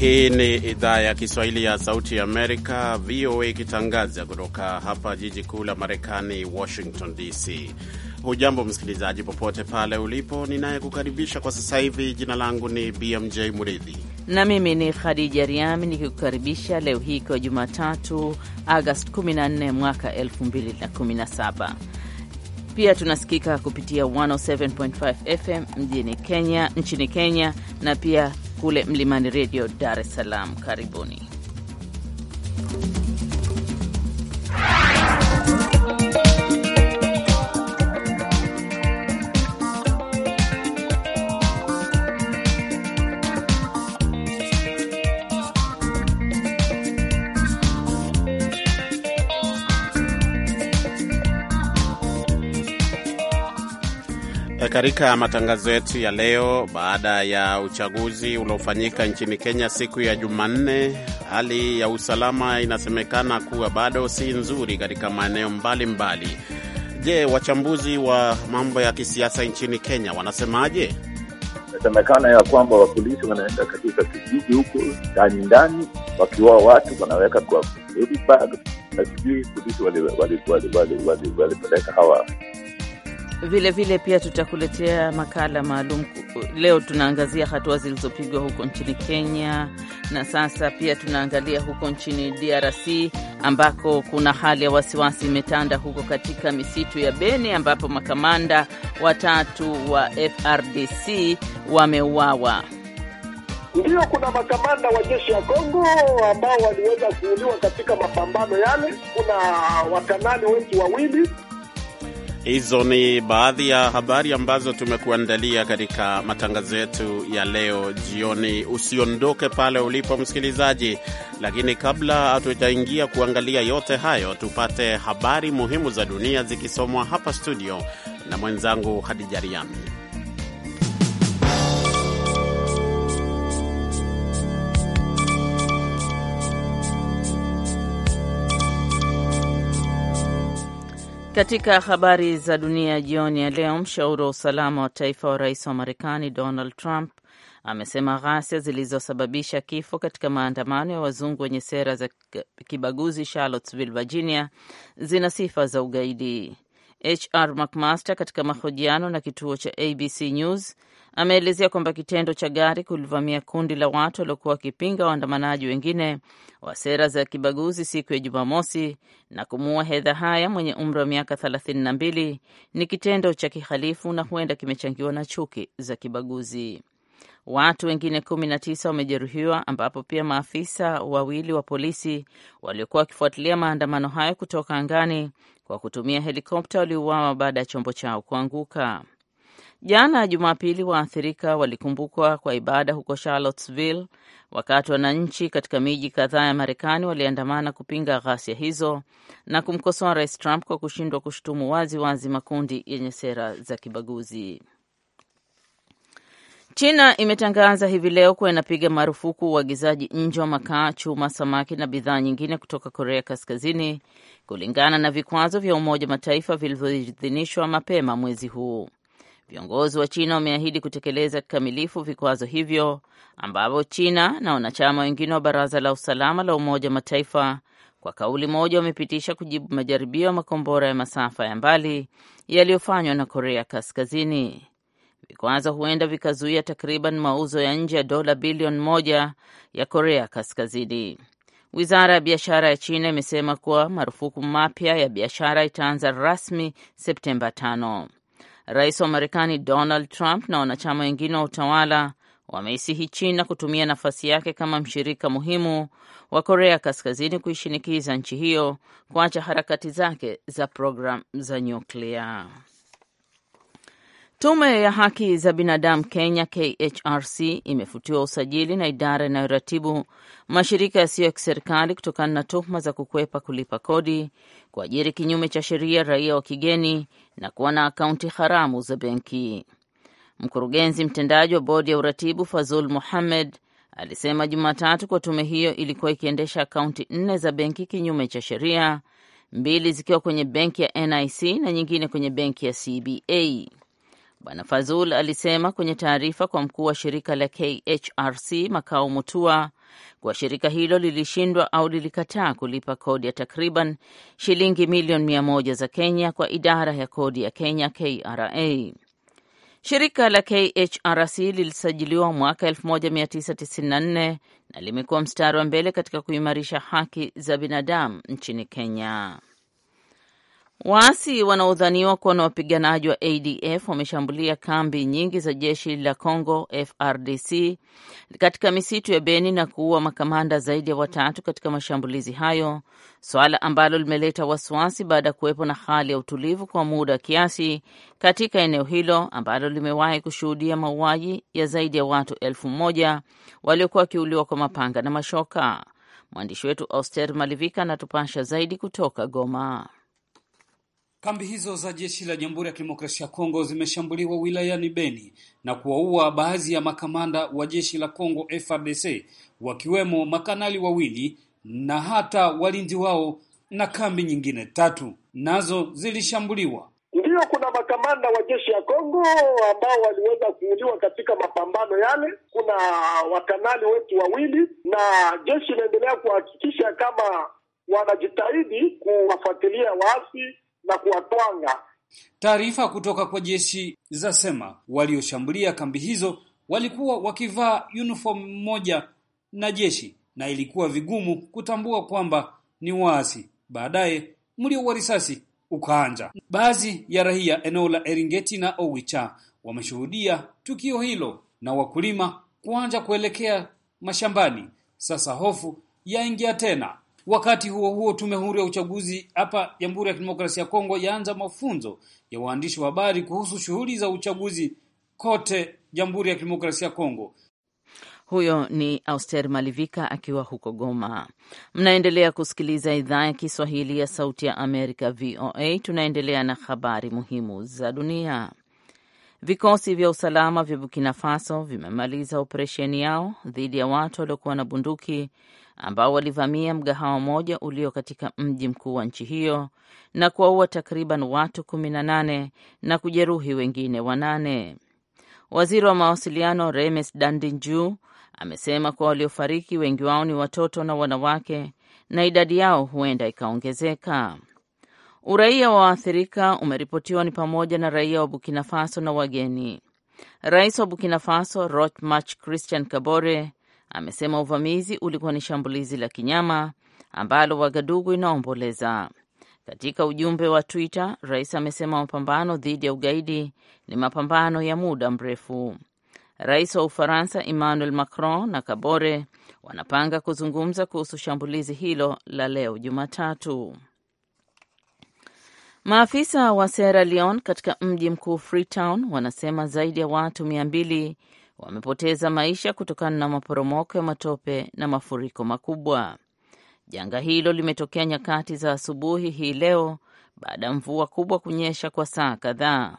Hii ni idhaa ya Kiswahili ya Sauti ya Amerika, VOA, ikitangaza kutoka hapa jiji kuu la Marekani, Washington DC. Hujambo msikilizaji, popote pale ulipo. Ninayekukaribisha kwa sasa hivi, jina langu ni BMJ Muridhi na mimi ni Khadija Riami nikikukaribisha leo hii kwa Jumatatu, Agosti 14 mwaka 2017. Pia tunasikika kupitia 107.5 FM mjini Kenya, nchini Kenya na pia kule Mlimani Redio, Dar es Salaam. Karibuni. E, katika matangazo yetu ya leo, baada ya uchaguzi uliofanyika nchini Kenya siku ya Jumanne, hali ya usalama inasemekana kuwa bado si nzuri katika maeneo mbalimbali. Je, wachambuzi wa mambo ya kisiasa nchini Kenya wanasemaje? Inasemekana ya kwamba wapolisi wanaenda katika kijiji huko ndani ndani, wakiwa watu wanaweka kwa na sijui polisi walipeleka hawa Vilevile vile pia tutakuletea makala maalum. Leo tunaangazia hatua zilizopigwa huko nchini Kenya, na sasa pia tunaangalia huko nchini DRC ambako kuna hali ya wasiwasi imetanda huko katika misitu ya Beni, ambapo makamanda watatu wa FRDC wameuawa. Ndiyo, kuna makamanda wa jeshi ya Kongo ambao waliweza kuuliwa katika mapambano yale. Kuna wakanali wengi wawili Hizo ni baadhi ya habari ambazo tumekuandalia katika matangazo yetu ya leo jioni. Usiondoke pale ulipo msikilizaji, lakini kabla hatujaingia kuangalia yote hayo, tupate habari muhimu za dunia zikisomwa hapa studio na mwenzangu Hadija Riami. Katika habari za dunia jioni ya leo, mshauri wa usalama wa taifa wa rais wa Marekani Donald Trump amesema ghasia zilizosababisha kifo katika maandamano ya wazungu wenye sera za kibaguzi Charlottesville, Virginia, zina sifa za ugaidi. HR McMaster katika mahojiano na kituo cha ABC News ameelezea kwamba kitendo cha gari kulivamia kundi la watu waliokuwa wakipinga waandamanaji wengine wa sera za kibaguzi siku ya Jumamosi na kumuua Hedha Haya mwenye umri wa miaka thelathini na mbili ni kitendo cha kihalifu na huenda kimechangiwa na chuki za kibaguzi. Watu wengine kumi na tisa wamejeruhiwa ambapo pia maafisa wawili wa polisi waliokuwa wakifuatilia maandamano hayo kutoka angani kwa kutumia helikopta waliuawa baada ya chombo chao kuanguka. Jana Jumapili, waathirika walikumbukwa kwa ibada huko Charlottesville, wakati wananchi katika miji kadhaa ya Marekani waliandamana kupinga ghasia hizo na kumkosoa Rais Trump kwa kushindwa kushutumu wazi wazi makundi yenye sera za kibaguzi. China imetangaza hivi leo kuwa inapiga marufuku uagizaji nje wa makaa, chuma, samaki na bidhaa nyingine kutoka Korea Kaskazini kulingana na vikwazo vya Umoja Mataifa vilivyoidhinishwa mapema mwezi huu. Viongozi wa China wameahidi kutekeleza kikamilifu vikwazo hivyo ambavyo China na wanachama wengine wa Baraza la Usalama la Umoja Mataifa kwa kauli moja wamepitisha kujibu majaribio ya makombora ya masafa ya mbali yaliyofanywa na Korea Kaskazini vikwazo huenda vikazuia takriban mauzo ya nje ya dola bilioni moja ya Korea Kaskazini. Wizara ya biashara ya China imesema kuwa marufuku mapya ya biashara itaanza rasmi Septemba tano. Rais wa Marekani Donald Trump na wanachama wengine wa utawala wameisihi China kutumia nafasi yake kama mshirika muhimu wa Korea Kaskazini kuishinikiza nchi hiyo kuacha harakati zake za programu za nyuklia. Tume ya haki za binadamu Kenya, KHRC, imefutiwa usajili na idara inayoratibu mashirika yasiyo ya kiserikali kutokana na tuhuma za kukwepa kulipa kodi, kuajiri kinyume cha sheria raia wa kigeni na kuwa na akaunti haramu za benki. Mkurugenzi mtendaji wa bodi ya uratibu Fazul Muhammed alisema Jumatatu kwa tume hiyo ilikuwa ikiendesha akaunti nne za benki kinyume cha sheria, mbili zikiwa kwenye benki ya NIC na nyingine kwenye benki ya CBA. Bwana Fazul alisema kwenye taarifa kwa mkuu wa shirika la KHRC Makao Mutua kuwa shirika hilo lilishindwa au lilikataa kulipa kodi ya takriban shilingi milioni mia moja za Kenya kwa idara ya kodi ya Kenya KRA. Shirika la KHRC lilisajiliwa mwaka 1994 na limekuwa mstari wa mbele katika kuimarisha haki za binadamu nchini Kenya. Waasi wanaodhaniwa kuwa na wapiganaji wa ADF wameshambulia kambi nyingi za jeshi la Congo FRDC katika misitu ya Beni na kuua makamanda zaidi ya watatu katika mashambulizi hayo, suala ambalo limeleta wasiwasi baada ya kuwepo na hali ya utulivu kwa muda kiasi katika eneo hilo ambalo limewahi kushuhudia mauaji ya zaidi ya watu elfu moja waliokuwa wakiuliwa kwa mapanga na mashoka. Mwandishi wetu Auster Malivika anatupasha zaidi kutoka Goma. Kambi hizo za jeshi la Jamhuri ya Kidemokrasia ya Kongo zimeshambuliwa wilayani Beni na kuwaua baadhi ya makamanda wa jeshi la Kongo frdc wakiwemo makanali wawili na hata walinzi wao na kambi nyingine tatu nazo zilishambuliwa. Ndiyo, kuna makamanda wa jeshi ya Kongo ambao waliweza kuuliwa katika mapambano yale. Kuna wakanali wetu wawili, na jeshi inaendelea kuhakikisha kama wanajitahidi kuwafuatilia waasi na kuwatwanga. Taarifa kutoka kwa jeshi zasema walioshambulia kambi hizo walikuwa wakivaa uniform moja na jeshi na ilikuwa vigumu kutambua kwamba ni waasi. Baadaye mlio wa risasi ukaanja. Baadhi ya raia eneo la Eringeti na Owicha wameshuhudia tukio hilo na wakulima kuanja kuelekea mashambani. Sasa hofu yaingia tena Wakati huo huo, tume huru ya uchaguzi hapa Jamhuri ya Kidemokrasia ya Kongo yaanza mafunzo ya waandishi wa habari kuhusu shughuli za uchaguzi kote Jamhuri ya Kidemokrasia ya Kongo. Huyo ni Auster Malivika akiwa huko Goma. Mnaendelea kusikiliza idhaa ya Kiswahili ya Sauti ya Amerika, VOA. Tunaendelea na habari muhimu za dunia. Vikosi vya usalama vya Burkina Faso vimemaliza operesheni yao dhidi ya watu waliokuwa na bunduki ambao walivamia mgahawa mmoja ulio katika mji mkuu wa nchi hiyo na kuwaua takriban watu 18 na kujeruhi wengine wanane. Waziri wa mawasiliano Remes Dandinju amesema kuwa waliofariki wengi wao ni watoto na wanawake na idadi yao huenda ikaongezeka. Uraia wa waathirika umeripotiwa ni pamoja na raia wa Burkina Faso na wageni. Rais wa Burkina Faso Roch Marc Christian Kabore amesema uvamizi ulikuwa ni shambulizi la kinyama ambalo Wagadugu inaomboleza. Katika ujumbe wa Twitter, rais amesema mapambano dhidi ya ugaidi ni mapambano ya muda mrefu. Rais wa Ufaransa Emmanuel Macron na Kabore wanapanga kuzungumza kuhusu shambulizi hilo la leo Jumatatu. Maafisa wa Sierra Leone katika mji mkuu Freetown wanasema zaidi ya watu mia mbili wamepoteza maisha kutokana na maporomoko ya matope na mafuriko makubwa. Janga hilo limetokea nyakati za asubuhi hii leo baada ya mvua kubwa kunyesha kwa saa kadhaa.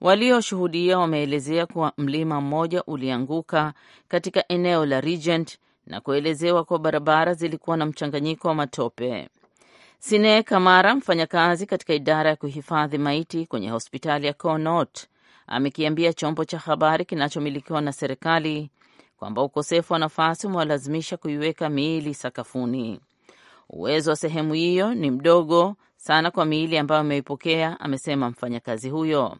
Walioshuhudia wameelezea kuwa mlima mmoja ulianguka katika eneo la Regent na kuelezewa kuwa barabara zilikuwa na mchanganyiko wa matope. Sine Kamara, mfanyakazi katika idara ya kuhifadhi maiti kwenye hospitali ya Connaught, amekiambia chombo cha habari kinachomilikiwa na serikali kwamba ukosefu wa nafasi umewalazimisha kuiweka miili sakafuni. Uwezo wa sehemu hiyo ni mdogo sana kwa miili ambayo ameipokea, amesema mfanyakazi huyo.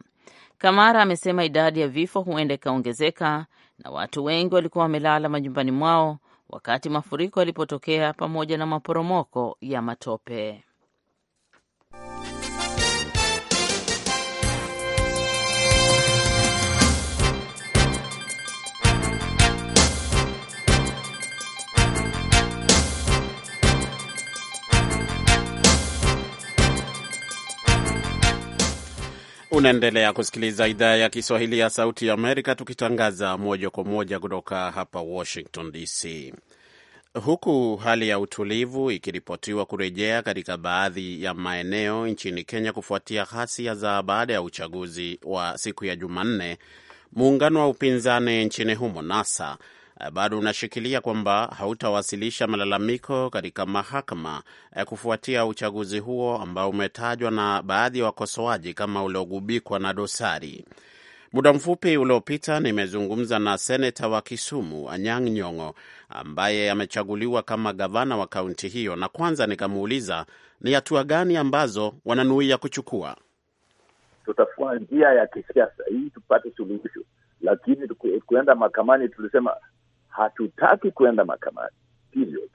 Kamara amesema idadi ya vifo huenda ikaongezeka na watu wengi walikuwa wamelala majumbani mwao wakati mafuriko yalipotokea pamoja na maporomoko ya matope. Unaendelea kusikiliza idhaa ya Kiswahili ya Sauti ya Amerika, tukitangaza moja kwa moja kutoka hapa Washington DC, huku hali ya utulivu ikiripotiwa kurejea katika baadhi ya maeneo nchini Kenya kufuatia ghasia za baada ya uchaguzi wa siku ya Jumanne. Muungano wa upinzani nchini humo NASA Eh, bado unashikilia kwamba hautawasilisha malalamiko katika mahakama eh, kufuatia uchaguzi huo ambao umetajwa na baadhi ya wa wakosoaji kama uliogubikwa na dosari. Muda mfupi uliopita nimezungumza na seneta wa Kisumu Anyang' Nyong'o ambaye amechaguliwa kama gavana wa kaunti hiyo, na kwanza nikamuuliza ni hatua gani ambazo wananuia kuchukua. Tutafua njia ya kisiasa ili tupate suluhisho, lakini tukuenda mahakamani, tulisema hatutaki kuenda mahakamani. Period.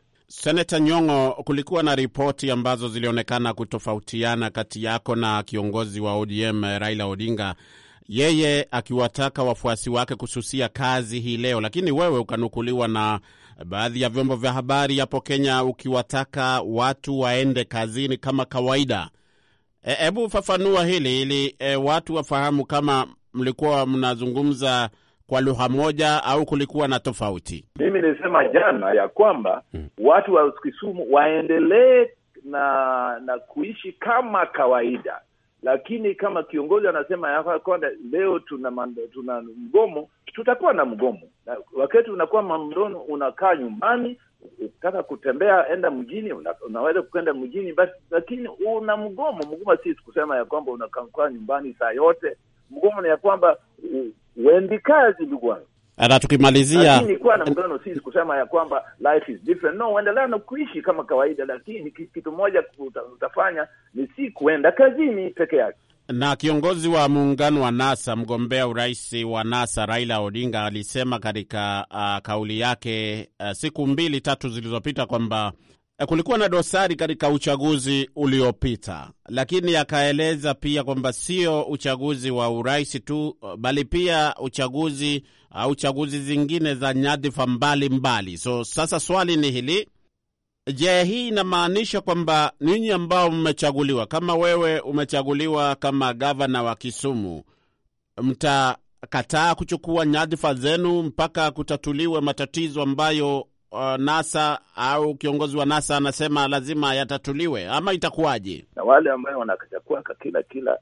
Nyong'o, kulikuwa na ripoti ambazo zilionekana kutofautiana kati yako na kiongozi wa ODM Raila Odinga, yeye akiwataka wafuasi wake kususia kazi hii leo, lakini wewe ukanukuliwa na baadhi ya vyombo vya habari hapo Kenya ukiwataka watu waende kazini kama kawaida. Hebu e, fafanua hili ili e, watu wafahamu kama mlikuwa mnazungumza kwa lugha moja au kulikuwa na tofauti? Mimi nilisema jana ya kwamba hmm, watu wa Kisumu waendelee na na kuishi kama kawaida, lakini kama kiongozi anasema ya kwamba leo tuna mando, tuna mgomo, tutakuwa na mgomo. Na wakati unakuwa mamdono, unakaa nyumbani, ukitaka kutembea enda mjini una, unaweza kuenda mjini basi, lakini una mgomo. Mgomo si kusema ya kwamba unakaa nyumbani saa yote. Mgomo ni ya kwamba wendi kazi, ndugu wangu. ana tukimalizia kwa na mgano sisi kusema ya kwamba life is different. No, uendelea na kuishi kama kawaida, lakini kitu moja utafanya ni si kuenda kazini peke yake. Na kiongozi wa muungano wa NASA, mgombea urais wa NASA Raila Odinga alisema katika uh, kauli yake uh, siku mbili tatu zilizopita kwamba Eh, kulikuwa na dosari katika uchaguzi uliopita, lakini akaeleza pia kwamba sio uchaguzi wa urais tu, bali pia uchaguzi au chaguzi zingine za nyadhifa mbalimbali. So sasa swali ni hili, je, hii inamaanisha kwamba ninyi ambao mmechaguliwa, kama wewe umechaguliwa kama gavana wa Kisumu, mtakataa kuchukua nyadhifa zenu mpaka kutatuliwe matatizo ambayo uh, NASA au kiongozi wa NASA anasema lazima yatatuliwe, ama itakuwaje? Na wale ambayo wanakachakwaka kila kila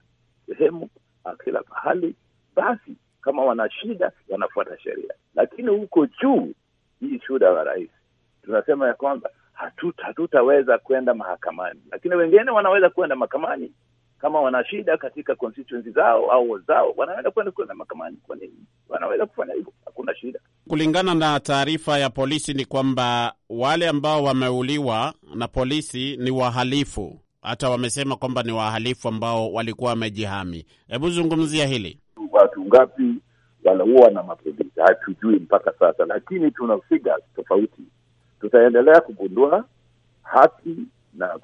sehemu uh, kila pahali, basi kama wana shida wanafuata sheria, lakini huko juu, hii shuda wa rais tunasema ya kwamba hatuta hatutaweza kwenda mahakamani, lakini wengine wanaweza kwenda mahakamani kama wana shida katika constituency zao au zao, wanaweza kwenda kwenda mahakamani. Kwa nini wanaweza kufanya hivyo? Hakuna shida. Kulingana na taarifa ya polisi ni kwamba wale ambao wameuliwa na polisi ni wahalifu, hata wamesema kwamba ni wahalifu ambao walikuwa wamejihami. Hebu zungumzia hili, watu ngapi wanaua na mapolisi hatujui mpaka sasa, lakini tuna figures tofauti. Tutaendelea kugundua haki na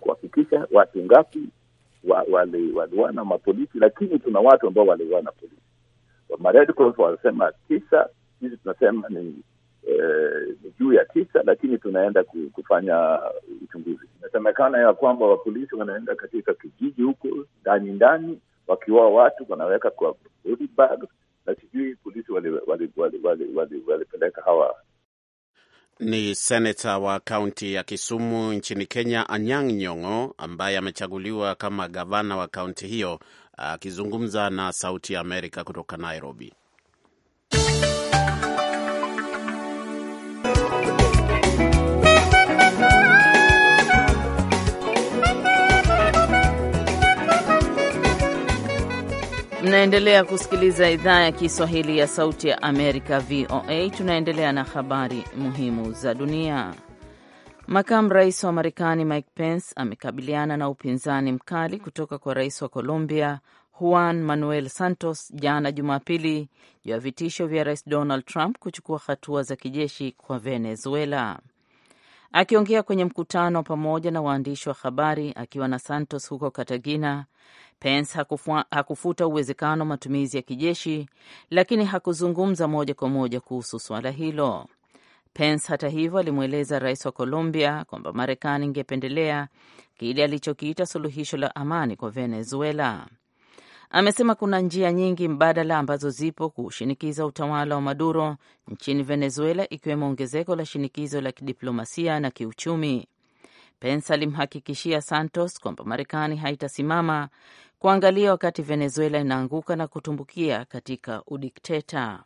kuhakikisha ku, ku, watu ngapi waliwana mapolisi, lakini tuna watu ambao waliwana polisi. wanasema tisa, sisi tunasema ni eh, juu ya tisa, lakini tunaenda kufanya uchunguzi. Inasemekana ya kwamba wapolisi wanaenda katika kijiji huko ndani ndani, wakiwaa watu wanaweka kwa body bag, na sijui polisi walipeleka wali, wali, wali, wali, wali hawa ni seneta wa kaunti ya Kisumu nchini Kenya, Anyang' Nyong'o, ambaye amechaguliwa kama gavana wa kaunti hiyo, akizungumza na Sauti ya Amerika kutoka Nairobi. Mnaendelea kusikiliza idhaa ya Kiswahili ya Sauti ya Amerika, VOA. Tunaendelea na habari muhimu za dunia. Makamu rais wa Marekani Mike Pence amekabiliana na upinzani mkali kutoka kwa rais wa Colombia Juan Manuel Santos jana Jumapili juu ya vitisho vya rais Donald Trump kuchukua hatua za kijeshi kwa Venezuela. Akiongea kwenye mkutano pamoja na waandishi wa habari akiwa na Santos huko Cartagena, Pence hakufua, hakufuta uwezekano wa matumizi ya kijeshi, lakini hakuzungumza moja kwa moja kuhusu suala hilo. Pence hata hivyo alimweleza rais wa Colombia kwamba Marekani ingependelea kile alichokiita suluhisho la amani kwa Venezuela. Amesema kuna njia nyingi mbadala ambazo zipo kushinikiza utawala wa Maduro nchini Venezuela, ikiwemo ongezeko la shinikizo la kidiplomasia na kiuchumi. Pence alimhakikishia Santos kwamba Marekani haitasimama kuangalia wakati Venezuela inaanguka na kutumbukia katika udikteta.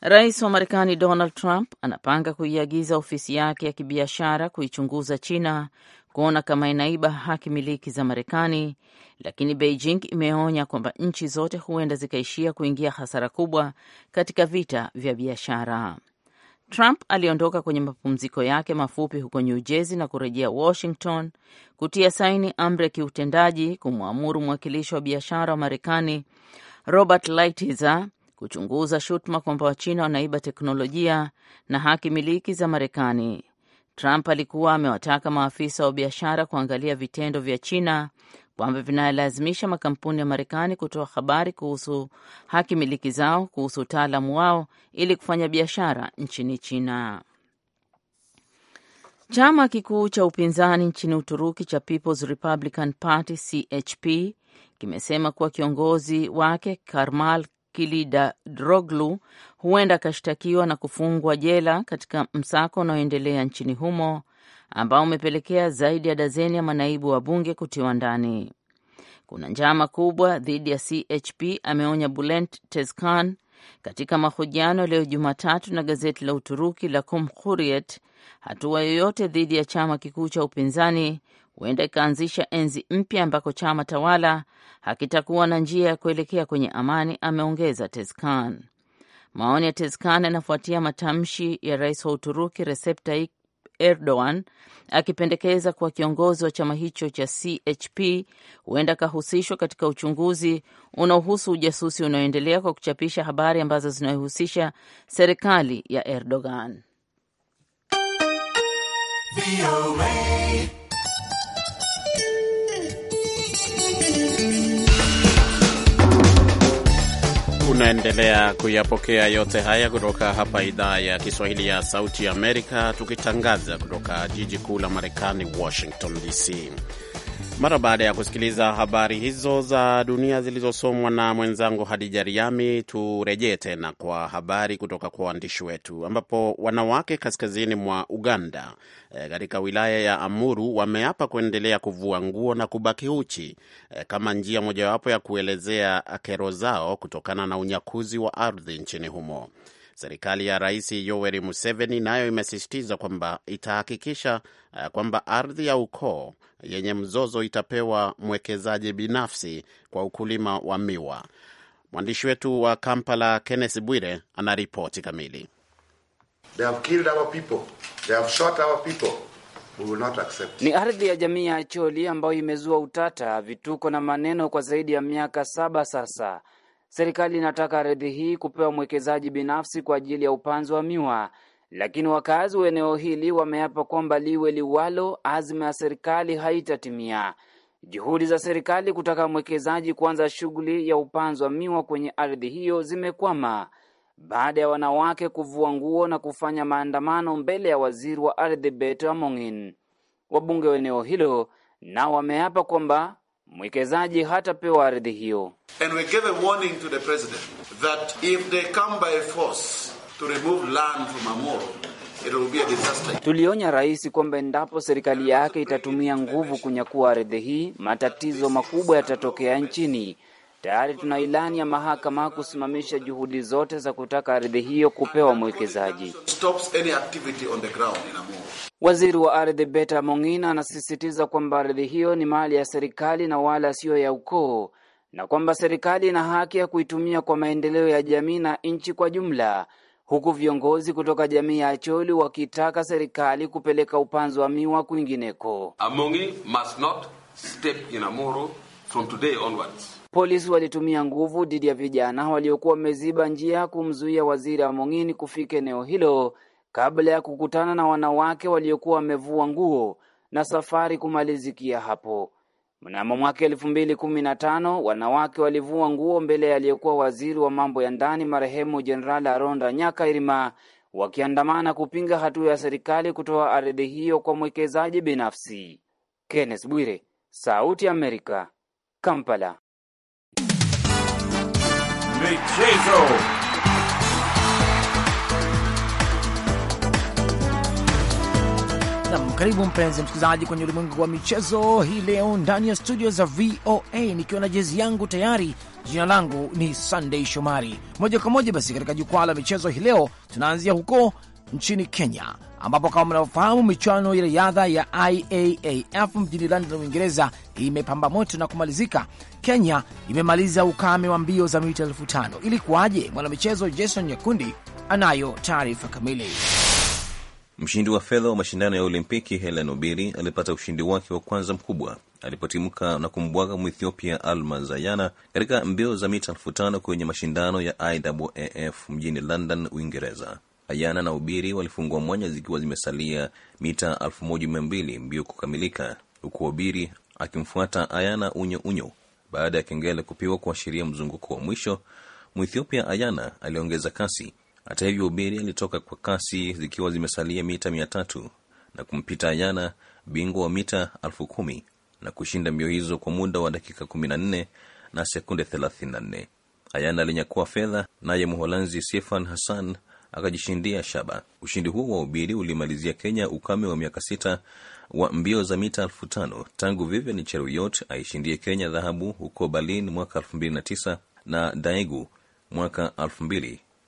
Rais wa Marekani Donald Trump anapanga kuiagiza ofisi yake ya kibiashara kuichunguza China kuona kama inaiba haki miliki za Marekani, lakini Beijing imeonya kwamba nchi zote huenda zikaishia kuingia hasara kubwa katika vita vya biashara. Trump aliondoka kwenye mapumziko yake mafupi huko New Jersey na kurejea Washington kutia saini amri ya kiutendaji kumwamuru mwakilishi wa biashara wa Marekani Robert Lighthizer kuchunguza shutuma kwamba Wachina wanaiba teknolojia na haki miliki za Marekani. Trump alikuwa amewataka maafisa wa biashara kuangalia vitendo vya China kwamba vinalazimisha makampuni ya Marekani kutoa habari kuhusu haki miliki zao kuhusu utaalamu wao ili kufanya biashara nchini China. Chama kikuu cha upinzani nchini Uturuki cha People's Republican Party CHP kimesema kuwa kiongozi wake Karmal kilida droglu huenda akashtakiwa na kufungwa jela katika msako unaoendelea nchini humo ambao umepelekea zaidi ya dazeni ya manaibu wa bunge kutiwa ndani. Kuna njama kubwa dhidi ya CHP, ameonya Bulent Tezkan katika mahojiano leo Jumatatu na gazeti la Uturuki la Cumhuriyet. Hatua yoyote dhidi ya chama kikuu cha upinzani huenda ikaanzisha enzi mpya ambako chama tawala hakitakuwa na njia ya kuelekea kwenye amani, ameongeza Tezkan. Maoni ya Tezkan yanafuatia matamshi ya rais wa Uturuki Recep Tayyip Erdogan akipendekeza kuwa kiongozi wa chama hicho cha CHP huenda akahusishwa katika uchunguzi unaohusu ujasusi unaoendelea kwa kuchapisha habari ambazo zinayohusisha serikali ya Erdogan. Unaendelea kuyapokea yote haya kutoka hapa idhaa ya Kiswahili ya Sauti ya Amerika, tukitangaza kutoka jiji kuu la Marekani, Washington DC. Mara baada ya kusikiliza habari hizo za dunia zilizosomwa na mwenzangu Hadija Riami, turejee tena kwa habari kutoka kwa waandishi wetu, ambapo wanawake kaskazini mwa Uganda eh, katika e, wilaya ya Amuru wameapa kuendelea kuvua nguo na kubaki uchi e, kama njia mojawapo ya kuelezea kero zao kutokana na unyakuzi wa ardhi nchini humo. Serikali ya Rais Yoweri Museveni nayo imesisitiza kwamba itahakikisha eh, kwamba ardhi ya ukoo yenye mzozo itapewa mwekezaji binafsi kwa ukulima wa miwa. Mwandishi wetu wa Kampala, Kenneth Bwire, ana ripoti kamili. Ni ardhi ya jamii ya Acholi ambayo imezua utata, vituko na maneno kwa zaidi ya miaka saba sasa. Serikali inataka ardhi hii kupewa mwekezaji binafsi kwa ajili ya upanzi wa miwa lakini wakazi wa eneo hili wameapa kwamba liwe liwalo, azma ya serikali haitatimia. Juhudi za serikali kutaka mwekezaji kuanza shughuli ya upanzi wa miwa kwenye ardhi hiyo zimekwama baada ya wanawake kuvua nguo na kufanya maandamano mbele ya waziri wa ardhi Beto Amongin. Wabunge wa eneo hilo nao wameapa kwamba mwekezaji hatapewa ardhi hiyo. And we a warning to the president that if they come by force to remove land from Tulionya rais kwamba endapo serikali yake itatumia nguvu kunyakua ardhi hii, matatizo makubwa yatatokea nchini. Tayari tuna ilani ya mahakama kusimamisha juhudi zote za kutaka ardhi hiyo kupewa mwekezaji. Waziri wa ardhi Beta Mong'ina anasisitiza kwamba ardhi hiyo ni mali ya serikali na wala siyo ya ukoo, na kwamba serikali ina haki ya kuitumia kwa maendeleo ya jamii na nchi kwa jumla huku viongozi kutoka jamii ya Acholi wakitaka serikali kupeleka upanzi wa miwa kwingineko. Polisi walitumia nguvu dhidi ya vijana waliokuwa wameziba njia kumzuia waziri Among'ini kufika eneo hilo kabla ya kukutana na wanawake waliokuwa wamevua nguo na safari kumalizikia hapo. Mnamo mwaka elfu mbili kumi na tano wanawake walivua nguo mbele ya aliyekuwa waziri wa mambo ya ndani marehemu Jenerali Aronda Nyakairima wakiandamana kupinga hatua ya serikali kutoa ardhi hiyo kwa mwekezaji binafsi. Kenneth Bwire, Sauti ya Amerika, Kampala. Michezo. nam, karibu mpenzi msikilizaji kwenye ulimwengu wa michezo hii leo ndani ya studio za VOA nikiwa na jezi yangu tayari. Jina langu ni Sunday Shomari. Moja kwa moja basi katika jukwaa la michezo hii leo tunaanzia huko nchini Kenya ambapo kama mnavyofahamu michuano ya riadha ya IAAF mjini London, Uingereza imepamba moto na kumalizika. Kenya imemaliza ukame wa mbio za mita elfu tano. Ilikuwaje? Mwanamichezo Jason Nyakundi anayo taarifa kamili. Mshindi wa fedha wa mashindano ya Olimpiki Helen Obiri alipata ushindi wake wa kwanza mkubwa alipotimka na kumbwaga Mwethiopia Alma Zayana katika mbio za mita elfu tano kwenye mashindano ya IAAF mjini London, Uingereza. Ayana na Ubiri walifungua mwanya zikiwa zimesalia mita elfu moja mia mbili mbio kukamilika, huku ubiri akimfuata Ayana unyo unyo. Baada ya kengele kupiwa kuashiria mzunguko wa mwisho, Mwethiopia Ayana aliongeza kasi hata hivyo, ubiri alitoka kwa kasi zikiwa zimesalia mita mia tatu na kumpita ayana bingwa wa mita elfu kumi na kushinda mbio hizo kwa muda wa dakika 14 na sekunde 34. Ayana alinyakua fedha, naye Mholanzi Stefan Hassan akajishindia shaba. Ushindi huo wa Ubiri ulimalizia Kenya ukame wa miaka sita wa mbio za mita elfu tano tangu Vivian Cheruyot aishindie Kenya dhahabu huko Berlin mwaka 2009 na Daegu mwaka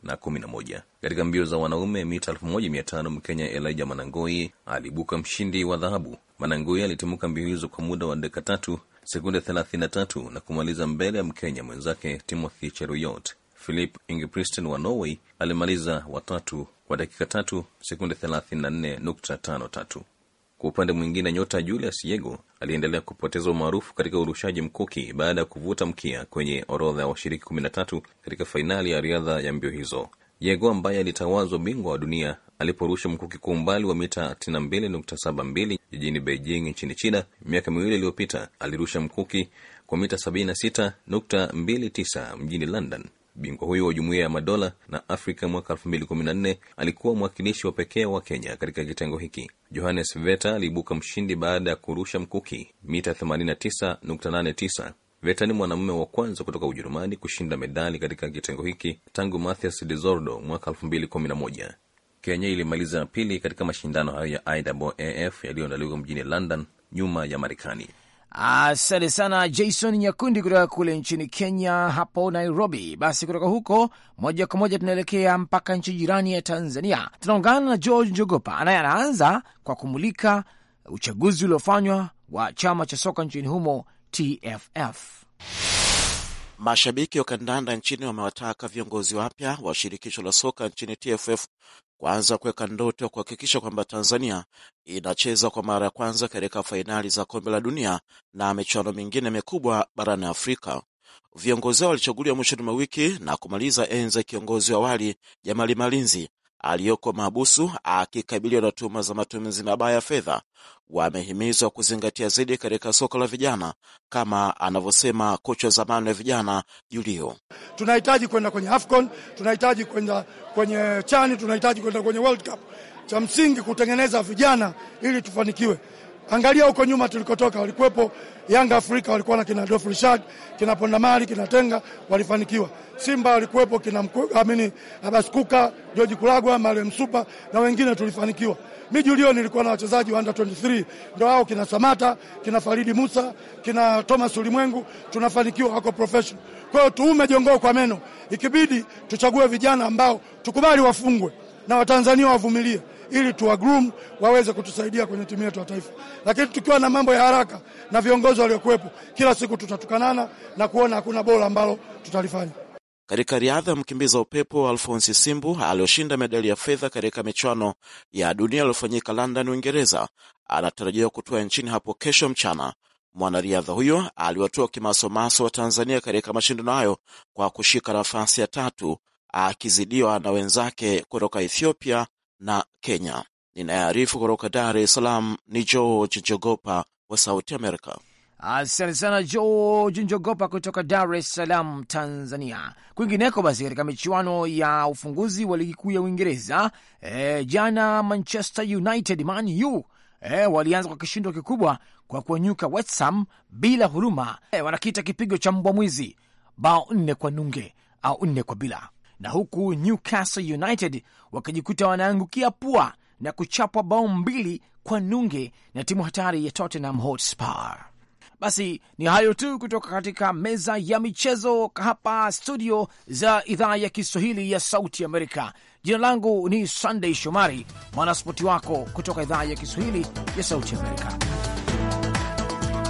na kumi na moja. Katika mbio za wanaume mita elfu moja mia tano Mkenya Elija Manangoi alibuka mshindi wa dhahabu. Manangoi alitimuka mbio hizo kwa muda wa dakika tatu sekunde thelathini na tatu na kumaliza mbele ya Mkenya mwenzake Timothy Cheruyot. Philip Ingebrigtsen wa Norway alimaliza watatu kwa dakika tatu sekunde thelathini na nne nukta tano tatu. Kwa upande mwingine, nyota Julius Yego aliendelea kupoteza umaarufu katika urushaji mkuki baada ya kuvuta mkia kwenye orodha ya wa washiriki 13 katika fainali ya riadha ya mbio hizo. Yego ambaye alitawazwa bingwa wa dunia aliporusha mkuki kwa umbali wa mita 62.72 jijini Beijing nchini China miaka miwili iliyopita, alirusha mkuki kwa mita 76.29 mjini London Bingwa huyo wa Jumuiya ya Madola na Afrika mwaka 2014 alikuwa mwakilishi wa pekee wa Kenya katika kitengo hiki. Johannes Veta aliibuka mshindi baada ya kurusha mkuki mita 89.89. Veta ni mwanamume wa kwanza kutoka Ujerumani kushinda medali katika kitengo hiki tangu Mathias Desordo mwaka 2011. Kenya ilimaliza ya pili katika mashindano hayo ya IAAF yaliyoandaliwa mjini London nyuma ya Marekani. Asante sana Jason Nyakundi kutoka kule nchini Kenya, hapo Nairobi. Basi kutoka huko moja kwa moja tunaelekea mpaka nchi jirani ya Tanzania. Tunaungana na George Njogopa anaye anaanza kwa kumulika uchaguzi uliofanywa wa chama cha soka nchini humo TFF. Mashabiki wa kandanda nchini wamewataka viongozi wapya wa shirikisho la soka nchini TFF kwanza kuweka ndoto ya kuhakikisha kwamba Tanzania inacheza kwa mara ya kwanza katika fainali za kombe la dunia na michuano mingine mikubwa barani Afrika. Viongozi hao walichaguliwa mwishoni mwa wiki na kumaliza enzi ya kiongozi wa awali Jamali Malinzi aliyoko mahabusu akikabiliwa na tuhuma za matumizi mabaya ya fedha wamehimizwa kuzingatia zaidi katika soko la vijana, kama anavyosema kocha wa zamani wa vijana Julio. Tunahitaji kwenda kwenye AFCON, tunahitaji kwenda kwenye CHAN, tunahitaji kwenda kwenye World Cup. Cha msingi kutengeneza vijana ili tufanikiwe. Angalia huko nyuma tulikotoka, walikuwepo Yanga Afrika, walikuwa na kina Dofri Shag, kina Pondamali, kina Tenga, walifanikiwa. Simba walikuwepo kina amini Abaskuka, Joji Kulagwa, Male Msupa na wengine, tulifanikiwa. ulio nilikuwa na wachezaji wa under 23 ndio hao kina Samata, kina Faridi Musa, kina Thomas Ulimwengu, tunafanikiwa wako professional. Kwa hiyo tuume jongoo kwa meno, ikibidi tuchague vijana ambao tukubali wafungwe na Watanzania wavumilie ili tuwagroom waweze kutusaidia kwenye timu yetu ya taifa. Lakini tukiwa na mambo ya haraka na viongozi waliokuwepo, kila siku tutatukanana na kuona hakuna bora ambalo tutalifanya. Katika riadha, mkimbiza upepo Alfonsi Simbu aliyoshinda medali ya fedha katika michuano ya dunia iliyofanyika London, Uingereza, anatarajiwa kutua nchini hapo kesho mchana. Mwanariadha huyo aliwatoa kimasomaso wa Tanzania katika mashindano hayo kwa kushika nafasi ya tatu, akizidiwa na wenzake kutoka Ethiopia na Kenya. Ninayearifu kutoka Dar es Salaam ni George Njogopa wa Sauti Amerika. Asante sana George Njogopa kutoka Dar es Salaam, Tanzania. Kwingineko basi, katika michuano ya ufunguzi wa ligi kuu ya Uingereza e, jana Manchester United Man U e, walianza kwa kishindo kikubwa kwa kuanyuka West Ham bila huruma e, wanakiita kipigo cha mbwa mwizi, bao nne kwa nunge au nne kwa bila na huku Newcastle United wakijikuta wanaangukia pua na kuchapwa bao mbili kwa nunge na timu hatari ya Tottenham Hotspur. Basi ni hayo tu kutoka katika meza ya michezo hapa studio za idhaa ya Kiswahili ya Sauti Amerika. Jina langu ni Sunday Shomari, mwanaspoti wako kutoka idhaa ya Kiswahili ya Sauti Amerika.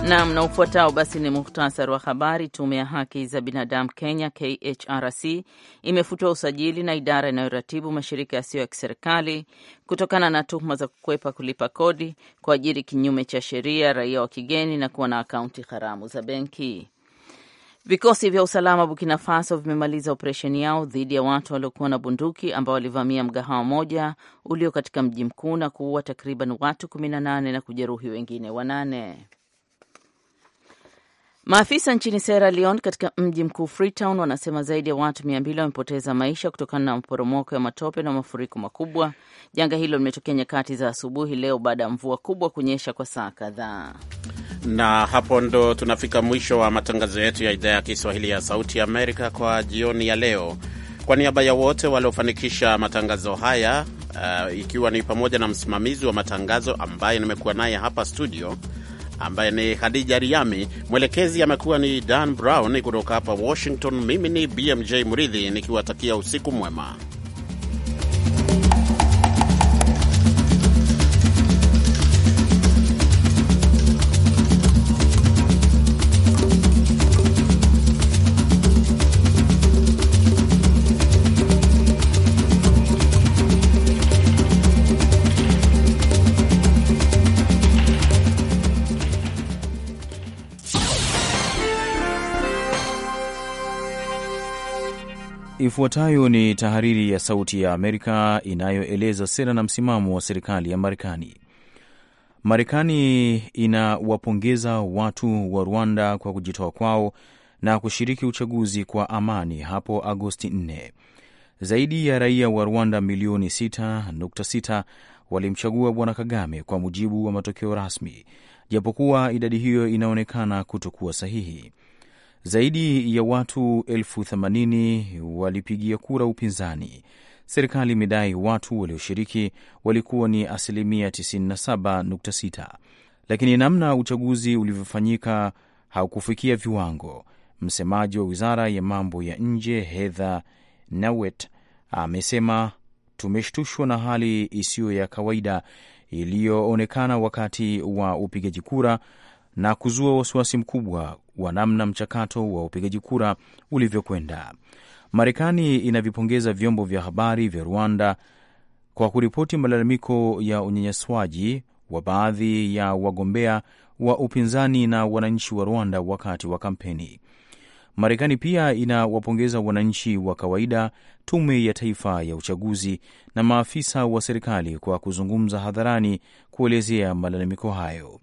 Nam na ufuatao basi ni muhtasari wa habari. Tume ya haki za binadamu Kenya, KHRC, imefutwa usajili na idara inayoratibu mashirika yasiyo ya kiserikali kutokana na tuhuma za kukwepa kulipa kodi, kuajiri kinyume cha sheria raia wa kigeni na kuwa na akaunti haramu za benki. Vikosi vya usalama Burkina Faso vimemaliza operesheni yao dhidi ya watu waliokuwa na bunduki ambao walivamia mgahawa mmoja ulio katika mji mkuu na kuua takriban watu 18 na kujeruhi wengine wanane. Maafisa nchini Sierra Leone katika mji mkuu Freetown wanasema zaidi ya watu mia mbili wamepoteza maisha kutokana na mporomoko ya matope na mafuriko makubwa. Janga hilo limetokea nyakati za asubuhi leo baada ya mvua kubwa kunyesha kwa saa kadhaa. Na hapo ndo tunafika mwisho wa matangazo yetu ya idhaa ya Kiswahili ya Sauti ya Amerika kwa jioni ya leo. Kwa niaba ya wote waliofanikisha matangazo haya, uh, ikiwa ni pamoja na msimamizi wa matangazo ambaye nimekuwa naye hapa studio ambaye ni Khadija Riami, mwelekezi amekuwa ni Dan Brown. Kutoka hapa Washington, mimi ni BMJ mridhi nikiwatakia usiku mwema. Ifuatayo ni tahariri ya Sauti ya Amerika inayoeleza sera na msimamo wa serikali ya Marekani. Marekani inawapongeza watu wa Rwanda kwa kujitoa kwao na kushiriki uchaguzi kwa amani hapo Agosti 4. Zaidi ya raia wa Rwanda milioni 6.6 walimchagua Bwana Kagame kwa mujibu wa matokeo rasmi, japokuwa idadi hiyo inaonekana kutokuwa sahihi. Zaidi ya watu elfu themanini walipigia kura upinzani. Serikali imedai watu walioshiriki walikuwa ni asilimia 97.6, lakini namna uchaguzi ulivyofanyika haukufikia viwango. Msemaji wa wizara ya mambo ya nje Heather Nauert amesema tumeshtushwa na hali isiyo ya kawaida iliyoonekana wakati wa upigaji kura na kuzua wasiwasi mkubwa wa namna mchakato wa upigaji kura ulivyokwenda. Marekani inavipongeza vyombo vya habari vya Rwanda kwa kuripoti malalamiko ya unyanyaswaji wa baadhi ya wagombea wa upinzani na wananchi wa Rwanda wakati wa kampeni. Marekani pia inawapongeza wananchi wa kawaida, tume ya taifa ya uchaguzi na maafisa wa serikali kwa kuzungumza hadharani kuelezea malalamiko hayo.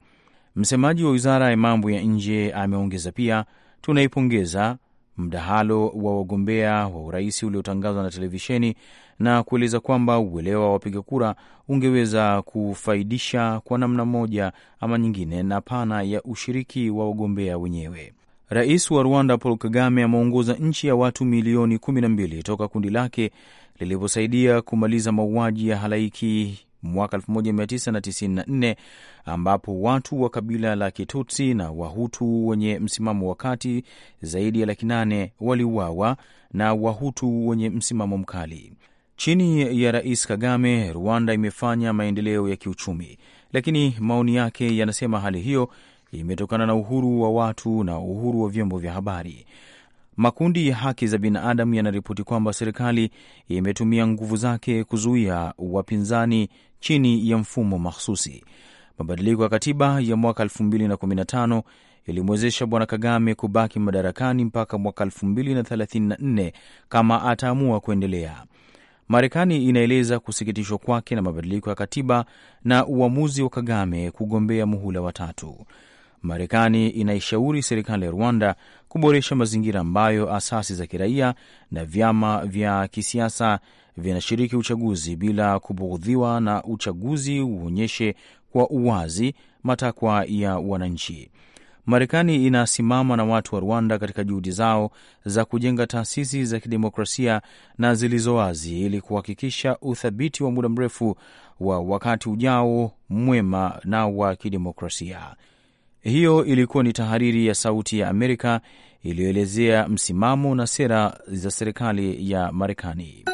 Msemaji wa wizara ya mambo ya nje ameongeza pia, tunaipongeza mdahalo wa wagombea wa urais uliotangazwa na televisheni na kueleza kwamba uelewa wa wapiga kura ungeweza kufaidisha kwa namna moja ama nyingine na pana ya ushiriki wa wagombea wenyewe. Rais wa Rwanda Paul Kagame ameongoza nchi ya watu milioni kumi na mbili toka kundi lake liliposaidia kumaliza mauaji ya halaiki mwaka 1994 ambapo watu wa kabila la Kitutsi na Wahutu wenye msimamo wa kati zaidi ya laki nane waliuawa na Wahutu wenye msimamo mkali. Chini ya Rais Kagame, Rwanda imefanya maendeleo ya kiuchumi, lakini maoni yake yanasema hali hiyo imetokana na uhuru wa watu na uhuru wa vyombo vya habari. Makundi ya haki za binadamu yanaripoti kwamba serikali imetumia nguvu zake kuzuia wapinzani chini ya mfumo mahsusi. Mabadiliko ya katiba ya mwaka 2015 ilimwezesha Bwana Kagame kubaki madarakani mpaka mwaka 2034 kama ataamua kuendelea. Marekani inaeleza kusikitishwa kwake na mabadiliko ya katiba na uamuzi wa Kagame kugombea muhula watatu. Marekani inaishauri serikali ya Rwanda kuboresha mazingira ambayo asasi za kiraia na vyama vya kisiasa vinashiriki uchaguzi bila kubughudhiwa na uchaguzi uonyeshe kwa uwazi matakwa ya wananchi. Marekani inasimama na watu wa Rwanda katika juhudi zao za kujenga taasisi za kidemokrasia na zilizo wazi ili kuhakikisha uthabiti wa muda mrefu wa wakati ujao mwema na wa kidemokrasia. Hiyo ilikuwa ni tahariri ya Sauti ya Amerika iliyoelezea msimamo na sera za serikali ya Marekani.